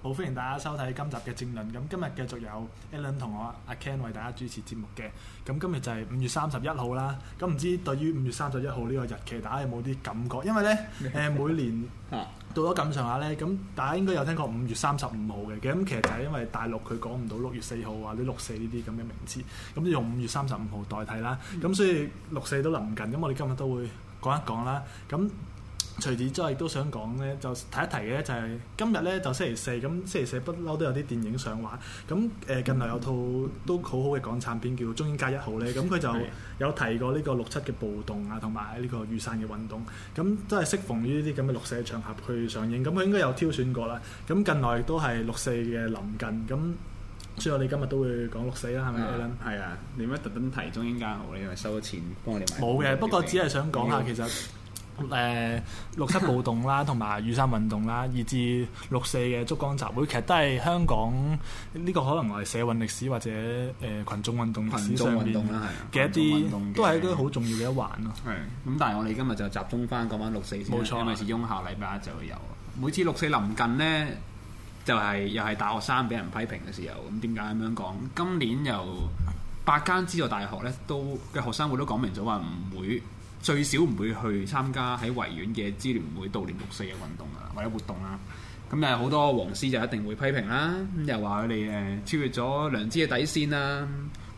好歡迎大家收睇今集嘅政論，咁今日繼續有 Allen 同我阿 Ken 為大家主持節目嘅，咁今日就係五月三十一號啦，咁唔知對於五月三十一號呢個日期，大家有冇啲感覺？因為呢，誒 每年到咗咁上下呢，咁大家應該有聽過五月三十五號嘅，咁其實就係因為大陸佢講唔到六月四號或者六四呢啲咁嘅名詞，咁就用五月三十五號代替啦，咁、嗯、所以六四都臨近，咁我哋今日都會講一講啦，咁。隨住即係亦都想講咧，就提一提嘅就係、是、今日咧就星期四，咁星期四不嬲都有啲電影上畫。咁誒近來有套都好好嘅港產片叫《中英街1號》咧，咁佢就有提過呢個六七嘅暴動啊，同埋呢個雨傘嘅運動。咁都係適逢於呢啲咁嘅六四嘅場合去上映，咁佢應該有挑選過啦。咁近來都係六四嘅臨近，咁所以我哋今日都會講六四啦，係咪？ 係啊，你咩特登提《中英街1號》咧？係收咗錢幫你買？冇嘅的，不過只係想講下其實。 誒、呃、六七暴動啦，同埋雨傘運動啦，以至六四嘅燭光集會，其實都係香港呢、呢個可能我係社運歷史或者誒、呃、群眾運動史上邊嘅一啲，運動運動都係一個好重要嘅一環咯。係咁，但係我哋今日就集中翻講翻六四先，冇錯，因為始終下禮拜一就會有。每次六四臨近呢，就係、是、又係大學生俾人批評嘅時候，咁點解咁樣講？今年由八間資助大學咧都嘅學生會都講明咗話唔會。最少唔會去參加喺維園嘅支聯會悼念六四嘅運動啊，或者活動啦、啊。咁但係好多黃絲就一定會批評啦、啊，又話佢哋誒超越咗良知嘅底線啦、啊，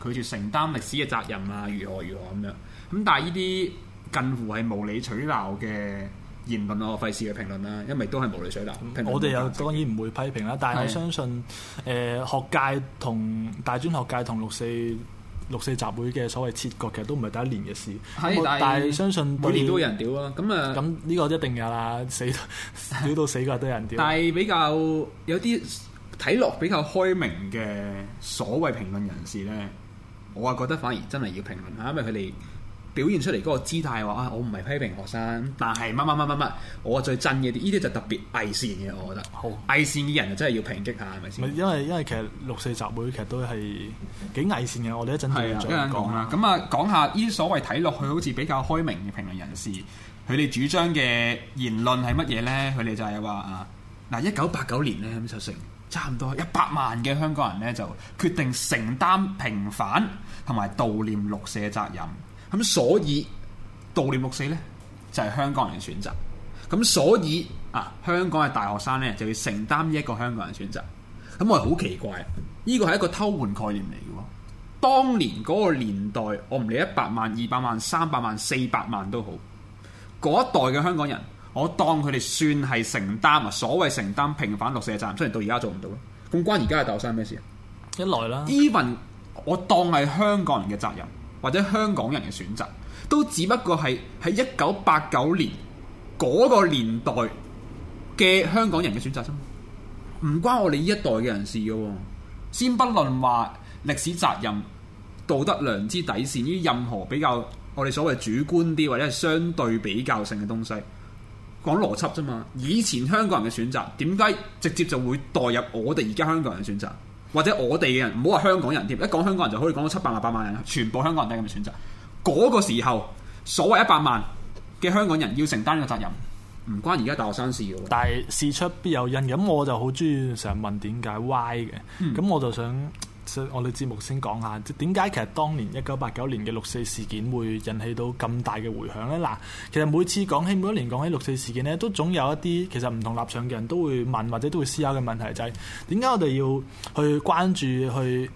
拒絕承擔歷史嘅責任啊，如何如何咁、啊、樣。咁但係呢啲近乎係無理取鬧嘅言論，嗯、我費事嘅評論啦、啊，因為都係無理取鬧。嗯、我哋又當然唔會批評啦，但係我的相信誒、呃、學界同大專學界同六四。六四集會嘅所謂切割，其實都唔係第一年嘅事。係。但係相信每年都有人屌啦。咁誒，咁呢個一定有啦，死屌到死，死都有人屌。 但係比較有啲睇落比較開明嘅所謂評論人士咧，我啊覺得反而真係要評論下，因為佢哋。表現出嚟嗰個姿態話啊，我唔係批評學生，但係乜乜乜乜乜，我最憎嘅啲，呢啲就特別偽善嘅。我覺得好偽善嘅人就真係要抨擊下，係咪先？因為因為其實六四集會其實都係幾偽善嘅。我哋一陣再講啦。咁啊、嗯嗯嗯，講下呢啲所謂睇落去好似比較開明嘅評論人士，佢哋主張嘅言論係乜嘢呢？佢哋就係、是、話啊嗱，一九八九年呢，噉就成、是、差唔多一百萬嘅香港人呢，就決定承擔平反同埋悼念六四嘅責任。咁所以悼念六四呢，就係香港人嘅選擇。咁所以啊，香港嘅大學生呢，就要承擔一個香港人選擇。咁我係好奇怪，呢個係一個偷換概念嚟嘅喎。當年嗰個年代，我唔理一百萬、二百萬、三百萬、四百萬都好，嗰一代嘅香港人，我當佢哋算係承擔啊，所謂承擔平反六四嘅責任，雖然到而家做唔到咧，咁關而家嘅大學生咩事啊？一來啦，even 我當係香港人嘅責任。或者香港人嘅選擇，都只不過係喺一九八九年嗰個年代嘅香港人嘅選擇啫，唔關我哋呢一代嘅人士嘅哦。先不論話歷史責任、道德良知底線，於任何比較我哋所謂主觀啲或者係相對比較性嘅東西，講邏輯啫嘛。以前香港人嘅選擇，點解直接就會代入我哋而家香港人嘅選擇？或者我哋嘅人唔好話香港人添，一講香港人就可以講到七百萬、八百萬人，全部香港人都係咁嘅選擇。嗰、那個時候，所謂一百萬嘅香港人要承擔呢個責任，唔關而家大學生事。但係事出必有因，咁我就好中意成日問點解 Why 嘅，咁、嗯、我就想。我哋節目先講下，點解其實當年一九八九年嘅六四事件會引起到咁大嘅迴響呢？嗱，其實每次講起每一年講起六四事件呢，都總有一啲其實唔同立場嘅人都會問或者都會思考嘅問題，就係點解我哋要去關注去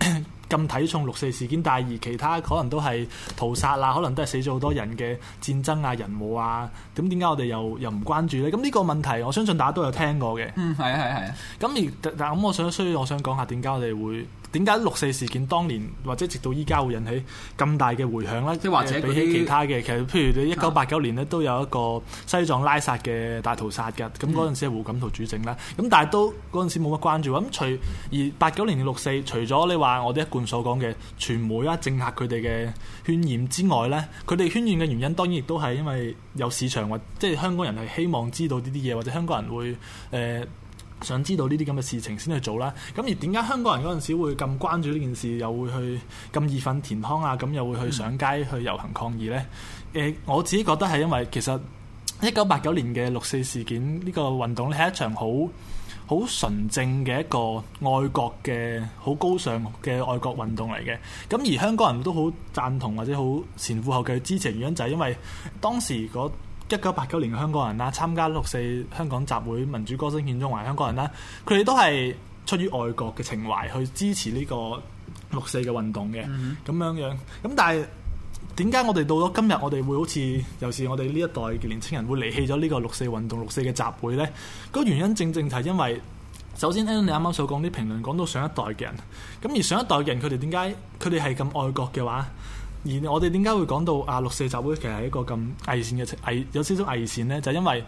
咁睇 重六四事件，但係而其他可能都係屠殺啦，可能都係死咗好多人嘅戰爭啊、人武啊，點點解我哋又又唔關注呢？咁呢個問題，我相信大家都有聽過嘅。嗯，係啊，係啊，咁我想所以我想講下點解我哋會。點解六四事件當年或者直到依家會引起咁大嘅迴響呢？即或者比起其他嘅，其實譬如你一九八九年咧，都有一個西藏拉薩嘅大屠殺嘅，咁嗰陣時係胡錦濤主政啦。咁、嗯、但係都嗰陣時冇乜關注。咁除而八九年嘅六四，除咗你話我哋一貫所講嘅傳媒啊、政客佢哋嘅渲染之外呢，佢哋渲染嘅原因當然亦都係因為有市場或即係香港人係希望知道呢啲嘢，或者香港人會誒、呃想知道呢啲咁嘅事情先去做啦，咁而點解香港人嗰陣時會咁關注呢件事，又會去咁義憤填膺啊，咁又會去上街去遊行抗議呢？誒、嗯呃，我自己覺得係因為其實一九八九年嘅六四事件呢、呢個運動咧係一場好好純正嘅一個愛國嘅好高尚嘅愛國運動嚟嘅，咁而香港人都好贊同或者好前赴後繼去支持，原因就係、係、因為當時嗰、嗰個一九八九年香港人啦，參加六四香港集會民主歌聲獻中華香港人啦，佢哋都係出於愛國嘅情懷去支持呢個六四嘅運動嘅，咁樣、嗯嗯、樣，咁但係點解我哋到咗今日，我哋會好似尤其是我哋呢一代嘅年青人會離棄咗呢個六四運動、嗯、六四嘅集會咧？個原因正正就係因為首先剛剛，聽到你啱啱所講啲評論講到上一代嘅人，咁而上一代嘅人佢哋點解佢哋係咁愛國嘅話。而我哋點解會講到啊六四集會其實係一個咁偽善嘅偽有少少偽善呢？就是，因為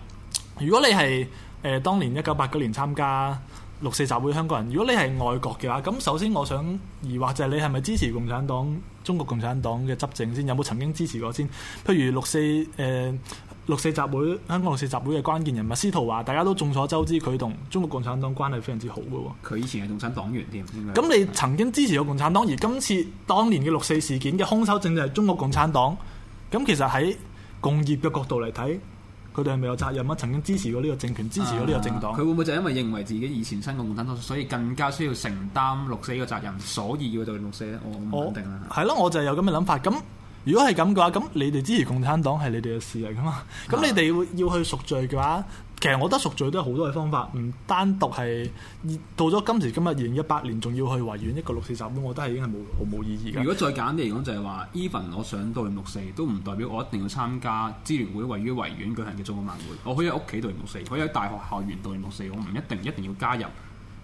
如果你係，誒，呃，當年一，呃，九八九年參加六四集會香港人，如果你係外國嘅話，咁首先我想疑惑，就係你係咪支持共產黨中國共產黨嘅執政先？有冇曾經支持過先？譬如六四誒。呃六四集會，香港六四集會嘅關鍵人物司徒華，大家都眾所周知，佢同中國共產黨關係非常之好嘅喎。佢以前係共產黨員添。咁你曾經支持過共產黨，而今次當年嘅六四事件嘅兇手正就係中國共產黨。咁其實喺共業嘅角度嚟睇，佢哋係咪有責任啊？曾經支持過呢個政權，支持過呢個政黨，佢、啊、會唔會就因為認為自己以前身過共產黨，所以更加需要承擔六四嘅責任，所以要對六四呢？我定我定係咯，我就有咁嘅諗法咁。如果係咁嘅話，咁你哋支持共產黨係你哋嘅事嚟噶嘛？咁 你哋要去贖罪嘅話，其實我覺得贖罪都有好多嘅方法，唔單獨係到咗今時今日二零一八年，仲要去維園一個六四集會，我覺得係已經係冇毫無意義嘅。如果再簡單啲嚟講，就係話，even 我上到六四，都唔代表我一定要參加支聯會位於維園舉行嘅中國晚會。我可以喺屋企度六四，可以喺大學校園度六四，我唔一定一定要加入。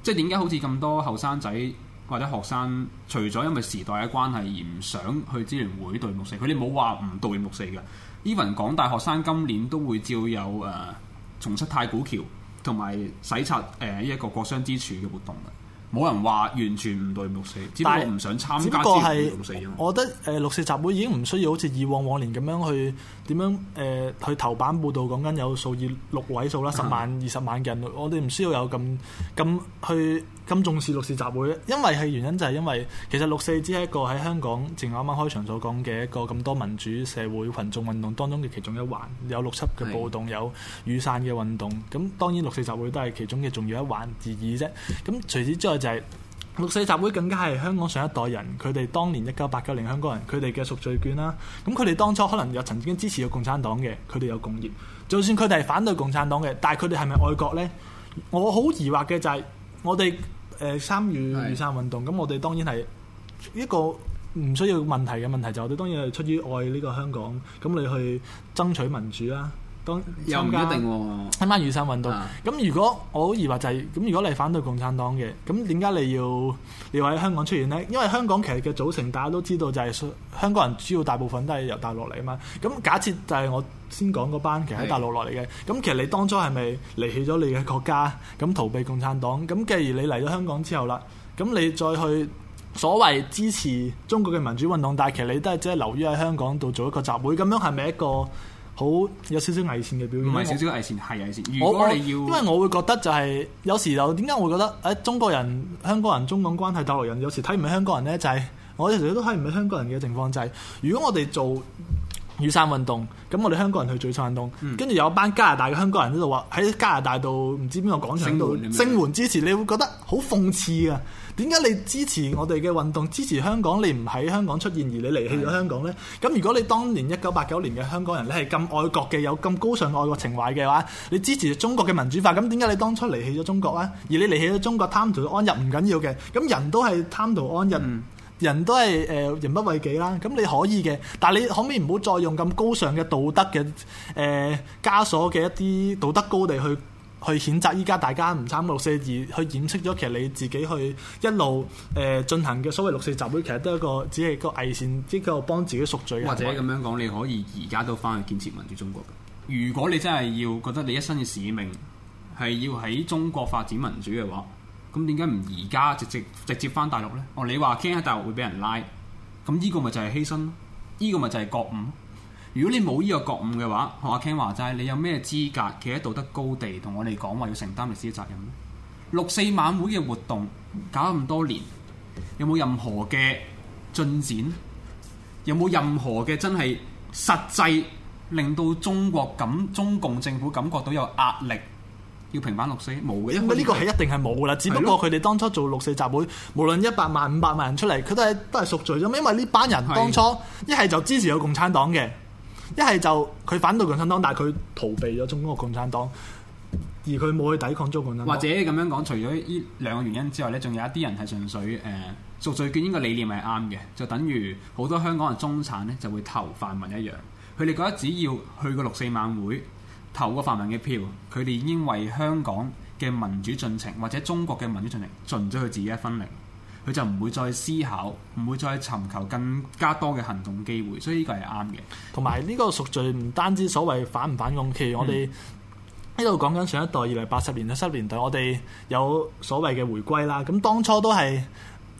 即係點解好似咁多後生仔？或者學生除咗因為時代嘅關係而唔想去支聯會悼念六四，佢哋冇話唔悼念六四嘅。even 港大學生今年都會照有誒重髹太古橋同埋洗刷誒呢一個國殤之柱嘅活動。冇人話完全唔對六四，但只不過唔想參加。只不過係，過我，我覺得誒、呃、六四集會已經唔需要好似以往往年咁樣去點樣誒、呃、去頭版報導講緊有數以六位數啦、十、嗯、萬、二十萬嘅人，嗯、我哋唔需要有咁咁去咁重視六四集會，因為係原因就係因為其實六四只係一個喺香港正啱啱開場所講嘅一個咁多民主社會群眾運動當中嘅其中一環，有六七嘅暴動，的有雨傘嘅運動，咁當然六四集會都係其中嘅重要一環而已啫。咁除此之外，就係六四集會更加係香港上一代人，佢哋當年一九八九年香港人，佢哋嘅贖罪券啦。咁佢哋當初可能有曾經支持過共產黨嘅，佢哋有共業。就算佢哋係反對共產黨嘅，但係佢哋係咪愛國呢？我好疑惑嘅就係我哋誒、呃、參與雨傘運動。咁我哋當然係一個唔需要問題嘅問題，就我哋當然係出於愛呢個香港，咁你去爭取民主啦。又唔一定喎、哦，參加雨傘運動。咁、啊、如果我好疑惑就係、是，咁如果你反對共產黨嘅，咁點解你要你要喺香港出現呢？因為香港其實嘅組成大家都知道，就係香港人主要大部分都係由大陸嚟啊嘛。咁假設就係我先講嗰班，其實喺大陸落嚟嘅。咁是其實你當初係咪離棄咗你嘅國家，咁逃避共產黨？咁既然你嚟咗香港之後啦，咁你再去所謂支持中國嘅民主運動，但係其實你都係即係留於喺香港度做一個集會，咁樣係咪一個？好有少少危險嘅表現，唔係少少危險，係我危險。如果你要，因為我會覺得就係、是、有時就點解我會覺得誒中國人、香港人、中港關係、大陸人，有時睇唔起香港人呢？就係、是、我有時都睇唔起香港人嘅情況就係、是，如果我哋做，雨傘運動，咁我哋香港人去雨傘運動，跟住、嗯、有一班加拿大嘅香港人喺度話喺加拿大度唔知邊個廣場度聲援，援支持，你會覺得好諷刺啊！點解你支持我哋嘅運動，支持香港，你唔喺香港出現，而你離棄咗香港呢？咁的如果你當年一九八九年嘅香港人，你係咁愛國嘅，有咁高尚愛國情懷嘅話，你支持中國嘅民主化，咁點解你當初離棄咗中國呢？而你離棄咗中國貪圖安逸唔緊要嘅，咁人都係貪圖安逸。嗯人都係誒人不為己啦，咁你可以嘅，但係你可唔可以唔好再用咁高尚嘅道德嘅誒、呃、枷鎖嘅一啲道德高地去去譴責依家大家唔參六四而去掩飾咗，其實你自己去一路誒進行嘅所謂六四集會，其實都係一個只係個偽善，只夠幫自己贖罪。或者咁樣講，你可以而家都返去建設民主中國。如果你真係要覺得你一生嘅使命係要喺中國發展民主嘅話，咁點解唔而家直接直接翻大陸呢？哦，你話 Ken 喺大陸會俾人拉，咁呢個咪就係犧牲咯？呢、這個咪就係覺悟。如果你冇呢個覺悟嘅話，阿 Ken 話齋你有咩資格企喺道德高地同我哋講話要承擔歷史嘅責任咧？六四晚會嘅活動搞咁多年，有冇任何嘅進展？有冇任何嘅真係實際令到中國感中共政府感覺到有壓力？要平反六四冇嘅，因為呢個係一定係冇噶啦。是的 只不過佢哋當初做六四集會，是的 無論一百萬五百萬人出嚟，佢都係都係贖罪啫嘛。因為呢班人當初一係是的 就支持咗共產黨嘅，一係就佢反對共產黨，但係佢逃避咗中國共產黨，而佢冇去抵抗中共。或者咁樣講，除咗呢兩個原因之外呢，仲有一啲人係純粹誒贖、呃、罪券應該理念係啱嘅，就等於好多香港人中產呢就會投泛民一樣。佢哋覺得只要去過六四晚會，投個泛民嘅票，佢哋已經為香港嘅民主進程或者中國嘅民主進程盡咗佢自己一分力，佢就唔會再思考，唔會再尋求更加多嘅行動機會，所以呢個係啱嘅。同埋呢個贖罪唔單止所謂反唔反共，譬如我哋呢度講緊上一代二零八十年代、七十年代，我哋有所謂嘅回歸啦，咁當初都係。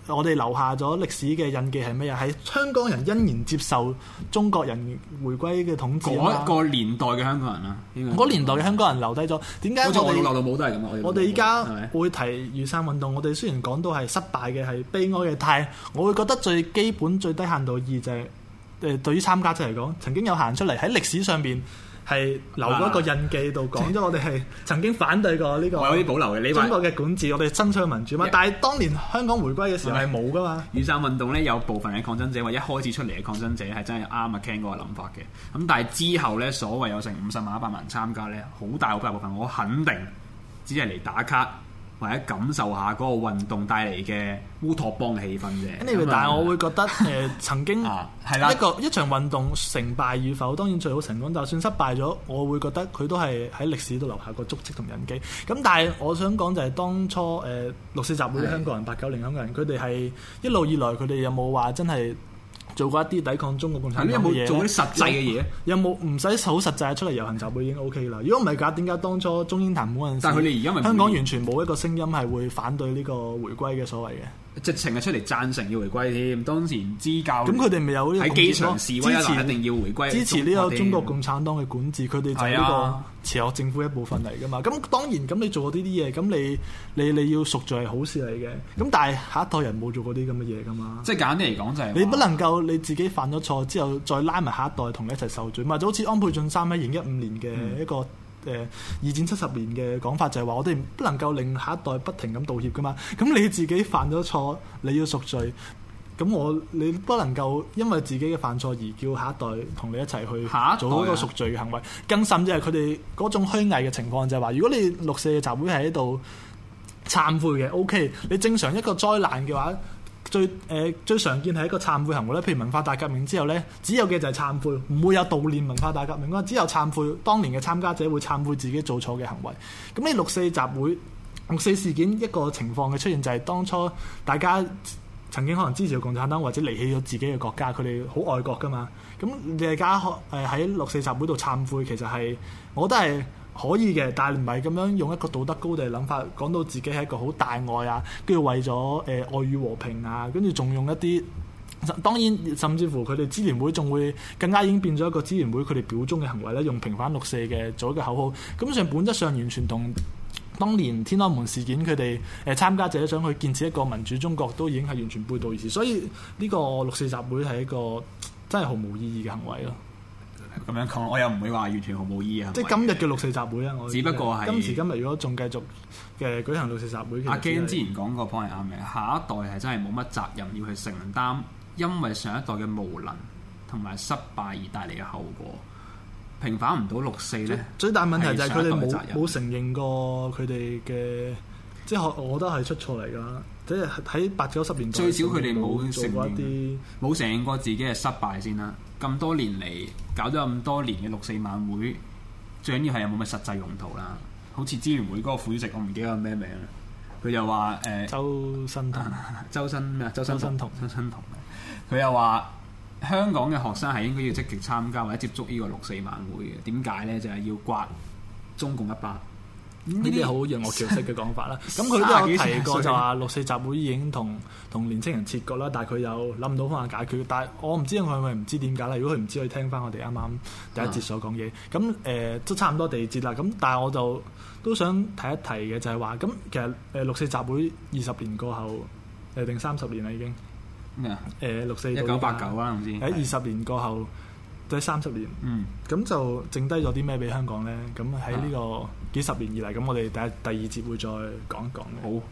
我哋留下咗歷史嘅印記係咩啊？係香港人欣然接受中國人回歸嘅統治。嗰一個年代嘅香港人啊，嗰年代嘅香港人留低咗點解？我老豆老母都係咁，我哋依家會提雨傘運動，我哋雖然講到係失敗嘅係悲哀嘅，但係我會覺得最基本，最低限度二就係、是、誒、呃、對於參加者嚟講，曾經有行出嚟喺歷史上面。係留咗一個印記度講咗，啊、我哋係曾經反對過呢個有啲保留嘅，你話，中國嘅管治，我哋爭取民主嘛。但係當年香港回歸嘅時候係冇噶嘛。雨傘 運動咧，有部分嘅抗爭者或者一開始出嚟嘅抗爭者係真係啱阿 Ken 個諗法嘅。咁但係之後咧，所謂有成五十萬、一百萬人參加咧，好大好大部分，我肯定只係嚟打卡。或者感受下嗰個運動帶嚟嘅烏托邦氣氛嘅。Anyway, 但係我會覺得誒 曾經一個一場運動成敗與否，當然最好成功。就算失敗咗，我會覺得佢都係喺歷史度留下個足跡同印記。咁但係我想講就係當初誒六四集會啲的香港人，八九零香港人，佢哋係一路以來佢哋有冇話真係？做過一啲抵抗中國共產黨嘅嘢。嗯、有冇做啲實際嘅嘢？有冇唔使好實際出嚟遊行集會已經 O K 啦。如果唔係，假點解當初中英談判嗰陣時，但香港完全冇一個聲音係會反對呢個回歸嘅所謂嘅。直情係出嚟贊成要回歸添，當時支教咁佢哋咪有喺機場示威，一定要回歸，支持呢個中國共產黨嘅管治，佢哋就係呢個前額政府一部分嚟噶嘛。咁是、啊、當然，咁你做過呢啲嘢，咁你你你要贖罪係好事嚟嘅。咁但係下一代人冇做過啲咁嘅嘢噶嘛？即係簡單嚟講就係你不能夠你自己犯咗錯之後再拉埋下一代同你一齊受罪，咪就好似安倍晉三喺二零一五年嘅一個。二戰七十年嘅講法就係話，我哋不能夠令下一代不停咁道歉噶嘛。咁你自己犯咗錯，你要贖罪。咁我你不能夠因為自己嘅犯錯而叫下一代同你一齊去做嗰個贖罪嘅行為。啊、更甚至係佢哋嗰種虛偽嘅情況就係話，如果你六四嘅集會係喺度，懺悔嘅 OK。你正常一個災難嘅話。最誒、呃、最常見係一個懺悔行為咧，譬如文化大革命之後呢，只有嘅就係懺悔，唔會有悼念文化大革命啊。只有懺悔，當年嘅參加者會懺悔自己做錯嘅行為。咁呢，六四集會六四事件，一個情況嘅出現，就係當初大家曾經可能支持咗共產黨或者離棄咗自己嘅國家，佢哋好愛國㗎嘛。咁大家誒喺六四集會度懺悔，其實係我都係。可以嘅，但係唔係咁樣用一個道德高地諗法，講到自己係一個好大愛啊，跟住為咗誒、呃、愛與和平啊，跟住仲用一啲當然甚至乎佢哋支聯會仲會更加已經變咗一個支聯會佢哋表忠嘅行為咧，用平反六四嘅做一個口號，根本上本質上完全同當年天安門事件佢哋誒參加者想去建設一個民主中國，都已經係完全背道而馳，所以呢個六四集會係一個真係毫無意義嘅行為咯。咁樣講，我又唔會話完全毫無意義。即係今日嘅六四集會咧，我，只不過係，今時今日，如果仲繼續嘅舉行六四集會，阿 Ken 之前講過幫人啱嘅，下一代係真係冇乜責任要去承擔，因為上一代嘅無能同埋失敗而帶嚟嘅後果，平反唔到六四咧。最大問題就係佢哋冇冇承認過佢哋嘅，即係我覺得係出錯嚟㗎。即係喺八九十年代，最少佢哋冇承認，冇承認過自己嘅失敗先啦。咁多年嚟搞咗咁多年嘅六四晚會，最緊要係有冇乜實際用途啦？好似資源會支聯會嗰個副主席，我唔記得係咩名啦。佢就話誒，呃、周新周啊？鄒幸彤，鄒幸彤。佢又話香港嘅學生係應該要積極參加或者接觸呢個六四晚會嘅。點解呢？就係、是、要刮中共一巴。呢啲好讓我橋式嘅講法啦。咁佢都有提過，就話六四集會已經同同年青人切割啦。但係佢有諗唔到方法解決。但係我唔知佢係咪唔知點解啦。如果佢唔知，可以聽翻我哋啱啱第一節所講嘢。咁誒、嗯呃、都差唔多第二節啦。咁但係我就都想提一提嘅，就係話咁其實誒六四集會二十年過後誒定三十年啦已經咩麼、呃、啊？誒六四一九八九啊，唔知喺二十年過後定三十年。嗯，咁就剩低咗啲咩俾香港咧？咁喺呢個。幾十年以嚟，咁我哋第一第二節會再講一講嘅。好。